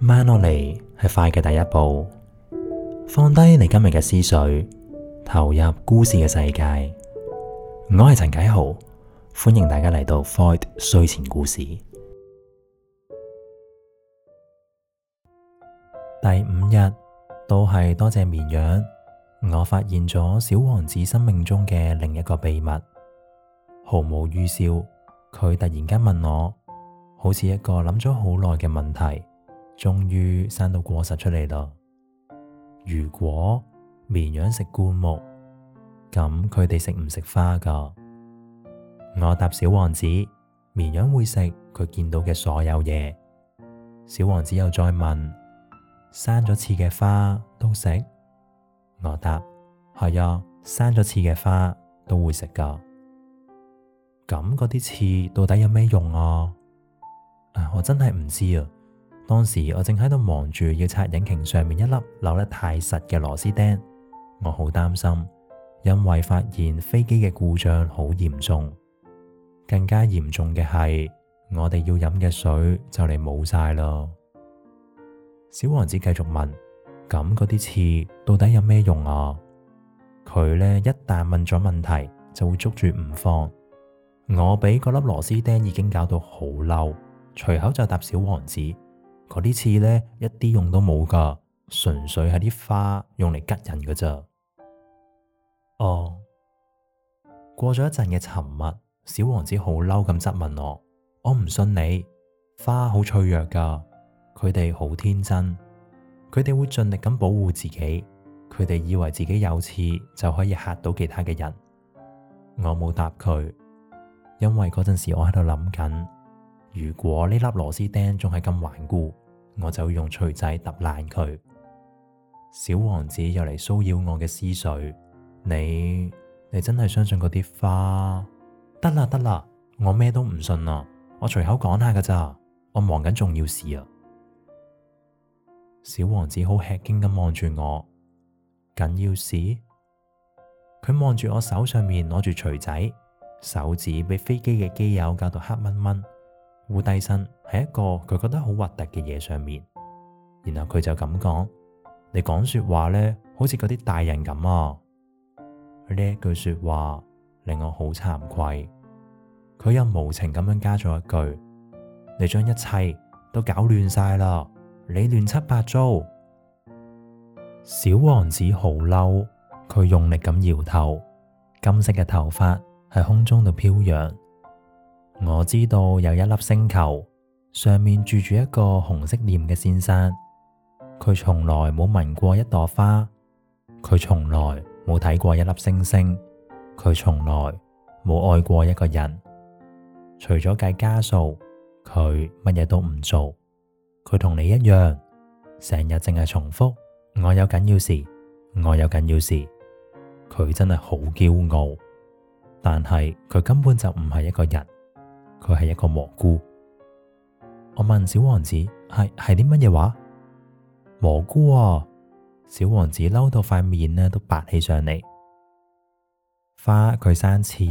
.慢落嚟，係快嘅第一步，放低你今日嘅思緒，投入故事嘅世界。我係陳棨豪，歡迎大家嚟到 Void 睡前故事。第五日都係多謝綿羊，我發現咗小王子生命中嘅另一個秘密，毫無預兆，佢突然間問我，好似一個諗咗好耐嘅問題。終於生到果實出嚟啦！如果綿羊食灌木，咁佢哋食唔食花噶？我答小王子：綿羊會食佢見到嘅所有嘢。小王子又再問：生咗刺嘅花都食？我答：係啊，生咗刺嘅花都會食噶。咁嗰啲刺到底有咩用啊？我真係唔知啊！當時我正喺度忙住要拆引擎上面一粒扭得太實嘅螺絲釘，我好擔心，因為發現飛機嘅故障好嚴重。更加嚴重嘅係，我哋要飲嘅水就嚟冇晒咯。小王子繼續問：咁嗰啲刺到底有咩用啊？佢呢一旦問咗問題，就會捉住唔放。我俾嗰粒螺絲釘已經搞到好嬲，隨口就答小王子。嗰啲刺呢，一啲用都冇噶，純粹係啲花用嚟吉人噶咋。哦，過咗一陣嘅沉默，小王子好嬲咁質問我：我唔信你，花好脆弱噶，佢哋好天真，佢哋會盡力咁保護自己，佢哋以為自己有刺就可以嚇到其他嘅人。我冇答佢，因為嗰陣時我喺度諗緊，如果呢粒螺絲釘仲係咁頑固。我就用錘仔揼爛佢。小王子又嚟騷擾我嘅思緒，你你真係相信嗰啲花？得啦得啦，我咩都唔信啊！我隨口講下㗎咋，我忙緊仲要事啊！小王子好吃驚咁望住我，緊要事？佢望住我手上面攞住錘仔，手指俾飛機嘅機油搞到黑蚊蚊。俯低身喺一個佢覺得好核突嘅嘢上面，然後佢就咁講：你講說話呢，好似嗰啲大人咁啊！呢一句說話令我好慚愧。佢又無情咁樣加咗一句：你將一切都搞亂晒啦，你亂七八糟。小王子好嬲，佢用力咁搖頭，金色嘅頭髮喺空中度飄揚。我知道有一粒星球，上面住住一個紅色臉嘅先生。佢從來冇聞過一朵花，佢從來冇睇過一粒星星，佢從來冇愛過一個人。除咗計加數，佢乜嘢都唔做。佢同你一樣，成日淨係重複。我有緊要事，我有緊要事。佢真係好驕傲，但係佢根本就唔係一個人。佢係一個蘑菇，我問小王子係係啲乜嘢話？蘑菇啊、哦！小王子嬲到塊面咧都白起上嚟。花佢生刺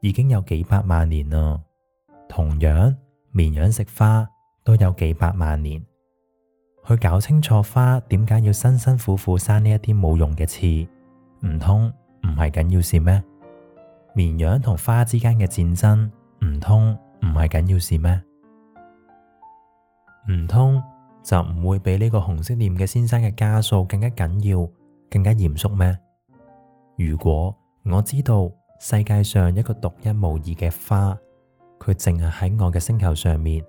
已經有幾百萬年啦，同樣綿羊食花都有幾百萬年。佢搞清楚花點解要辛辛苦苦生呢一啲冇用嘅刺？唔通唔係緊要事咩？綿羊同花之間嘅戰爭，唔通？唔係緊要事咩？唔通就唔會比呢個紅色臉嘅先生嘅加數更加緊要，更加嚴肅咩？如果我知道世界上一個獨一無二嘅花，佢淨係喺我嘅星球上面，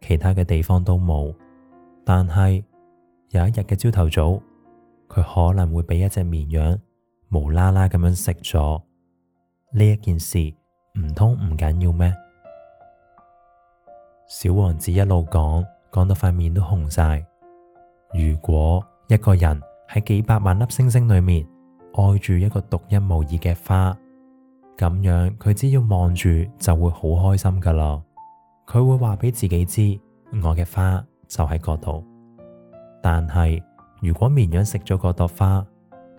其他嘅地方都冇，但係有一日嘅朝頭早，佢可能會俾一隻綿羊無啦啦咁樣食咗呢一件事，唔通唔緊要咩？小王子一路講，講到塊面都紅晒。如果一個人喺幾百萬粒星星裏面愛住一個獨一無二嘅花，咁樣佢只要望住就會好開心噶啦。佢會話俾自己知，我嘅花就喺嗰度。但係如果綿羊食咗嗰朵花，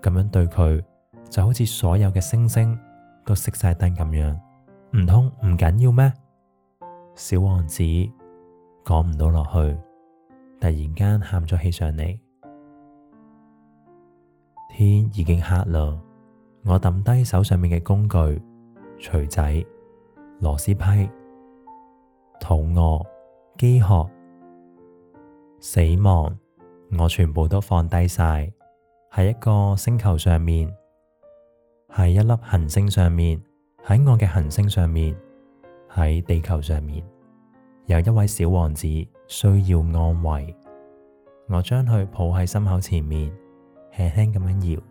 咁樣對佢就好似所有嘅星星都熄晒燈咁樣，唔通唔緊要咩？小王子講唔到落去，突然間喊咗起上嚟。天已經黑啦，我抌低手上面嘅工具、錘仔、螺絲批、肚餓、飢渴、死亡，我全部都放低晒。喺一個星球上面，喺一粒行星上面，喺我嘅行星上面。喺地球上面，有一位小王子需要安慰，我將佢抱喺心口前面，輕輕咁樣搖。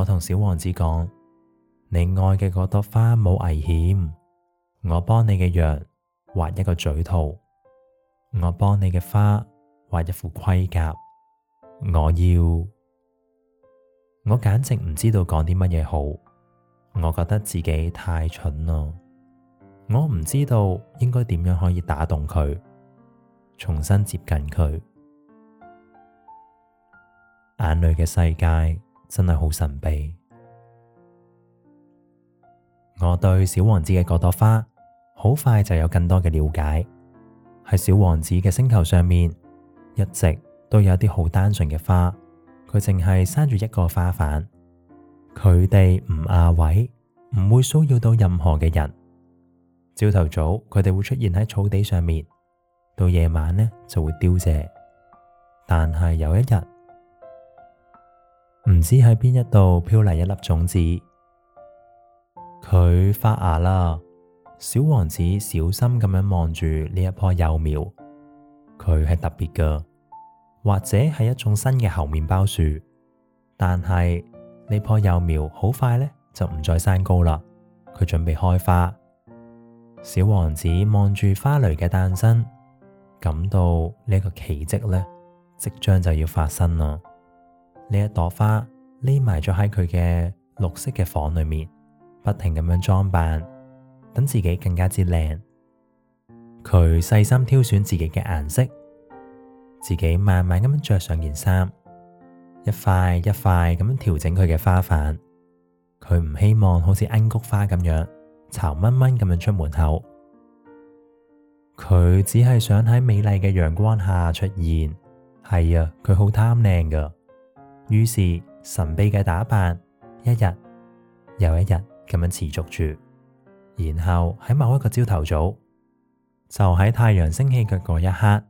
我同小王子講：「你愛嘅嗰朵花冇危險，我幫你嘅藥畫一個嘴套，我幫你嘅花畫一副盔甲。我要，我簡直唔知道講啲乜嘢好，我覺得自己太蠢咯。我唔知道應該點樣可以打動佢，重新接近佢。眼淚嘅世界真係好神秘。我對小王子嘅嗰朵花，好快就有更多嘅了解。喺小王子嘅星球上面，一直都有啲好單純嘅花，佢淨係生住一個花瓣，佢哋唔阻位，唔會騷擾到任何嘅人。朝頭早，佢哋會出現喺草地上面，到夜晚呢就會凋謝。但係有一日，唔知喺邊一度飄嚟一粒種子，佢發芽啦。小王子小心咁樣望住呢一棵幼苗，佢係特別嘅，或者係一種新嘅猴麵包樹。但係呢棵幼苗好快呢就唔再生高啦，佢準備開花。小王子望住花蕾嘅誕生，感到呢一個奇蹟咧，即將就要發生啦。呢一朵花匿埋咗喺佢嘅綠色嘅房裏面，不停咁樣裝扮，等自己更加之靚。佢細心挑選自己嘅顏色，自己慢慢咁樣着上件衫，一塊一塊咁樣調整佢嘅花瓣。佢唔希望好似罌粟花咁樣。巢蚊蚊咁樣出門口，佢只係想喺美麗嘅陽光下出現。係啊，佢好貪靚噶。於是神秘嘅打扮，一日又一日咁樣持續住。然後喺某一個朝頭早，就喺太陽升起嘅嗰一刻，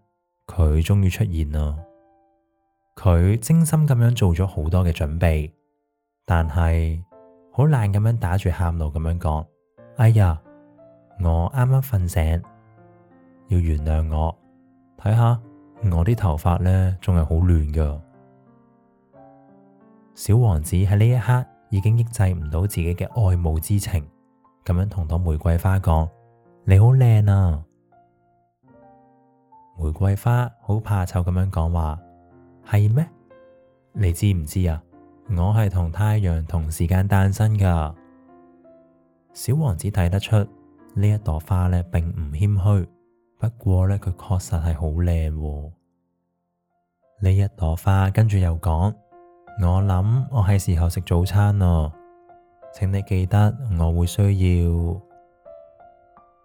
佢終於出現啦。佢精心咁樣做咗好多嘅準備，但係好懶咁樣打住喊路咁樣講。哎呀，我啱啱瞓醒，要原諒我。睇下我啲頭髮呢，仲係好亂噶。小王子喺呢一刻已經抑制唔到自己嘅愛慕之情，咁樣同朵玫瑰花講：你好靚啊！玫瑰花好怕醜咁樣講話，係咩？你知唔知啊？我係同太陽同時間誕生噶。小王子睇得出呢一朵花呢並唔謙虛，不過呢，佢確實係好靚。呢一朵花跟住又講：我諗我係時候食早餐囉，請你記得我會需要。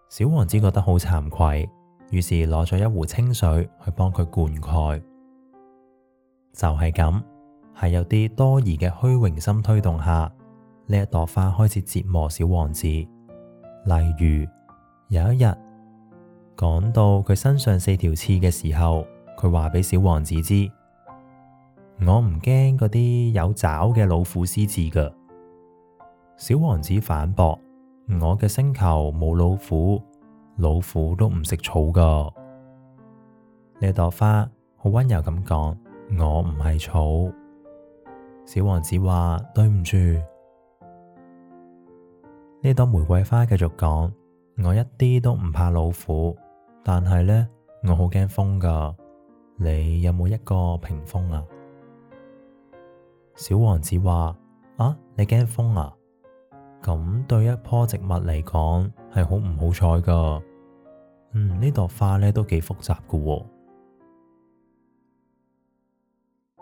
小王子覺得好慚愧，於是攞咗一壺清水去幫佢灌溉。就係咁，係有啲多疑嘅虛榮心推動下。呢一朵花開始折磨小王子，例如有一日講到佢身上四條刺嘅時候，佢話畀小王子知：我唔驚嗰啲有爪嘅老虎獅子㗎。小王子反駁：我嘅星球冇老虎，老虎都唔食草㗎。呢一朵花好温柔咁講：我唔係草。小王子話：對唔住。呢朵玫瑰花繼續講，我一啲都唔怕老虎，但係呢，我好驚風噶。你有冇一個屏風啊？小王子話：啊，你驚風啊？咁對一棵植物嚟講，係好唔好彩噶。嗯，呢朵花呢都幾複雜噶喎。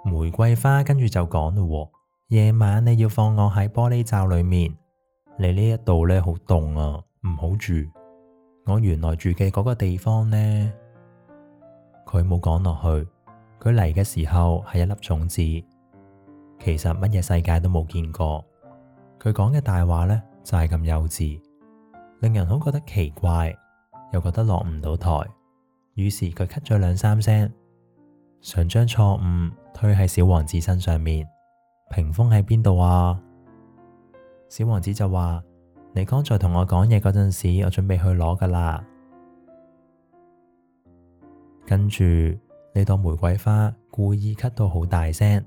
玫瑰花跟住就講咯，夜晚你要放我喺玻璃罩裏面。你呢一度呢好凍啊，唔好住。我原來住嘅嗰個地方呢，佢冇講落去。佢嚟嘅時候係一粒種子，其實乜嘢世界都冇見過。佢講嘅大話呢就係咁幼稚，令人好覺得奇怪，又覺得落唔到台。於是佢咳咗兩三聲，想將錯誤推喺小王子身上面。屏風喺邊度啊？小王子就話：你剛才同我講嘢嗰陣時，我準備去攞噶啦。跟住呢朵玫瑰花故意咳到好大聲，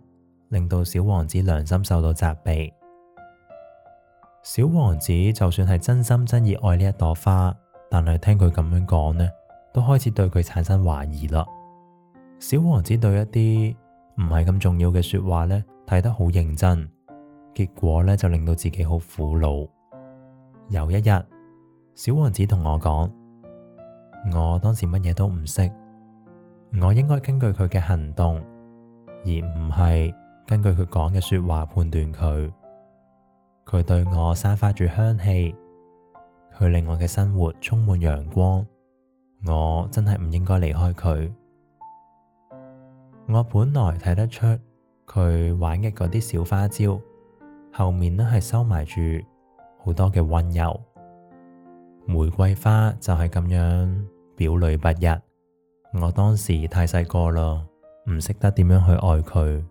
令到小王子良心受到責備。小王子就算係真心真意愛呢一朵花，但係聽佢咁樣講呢，都開始對佢產生懷疑啦。小王子對一啲唔係咁重要嘅說話呢，睇得好認真。結果呢，就令到自己好苦惱。有一日，小王子同我講：「我當時乜嘢都唔識，我應該根據佢嘅行動，而唔係根據佢講嘅說話判斷佢。佢對我散發住香氣，佢令我嘅生活充滿陽光。我真係唔應該離開佢。我本來睇得出佢玩嘅嗰啲小花招。後面咧係收埋住好多嘅溫柔，玫瑰花就係咁樣表裡不一。我當時太細個咯，唔識得點樣去愛佢。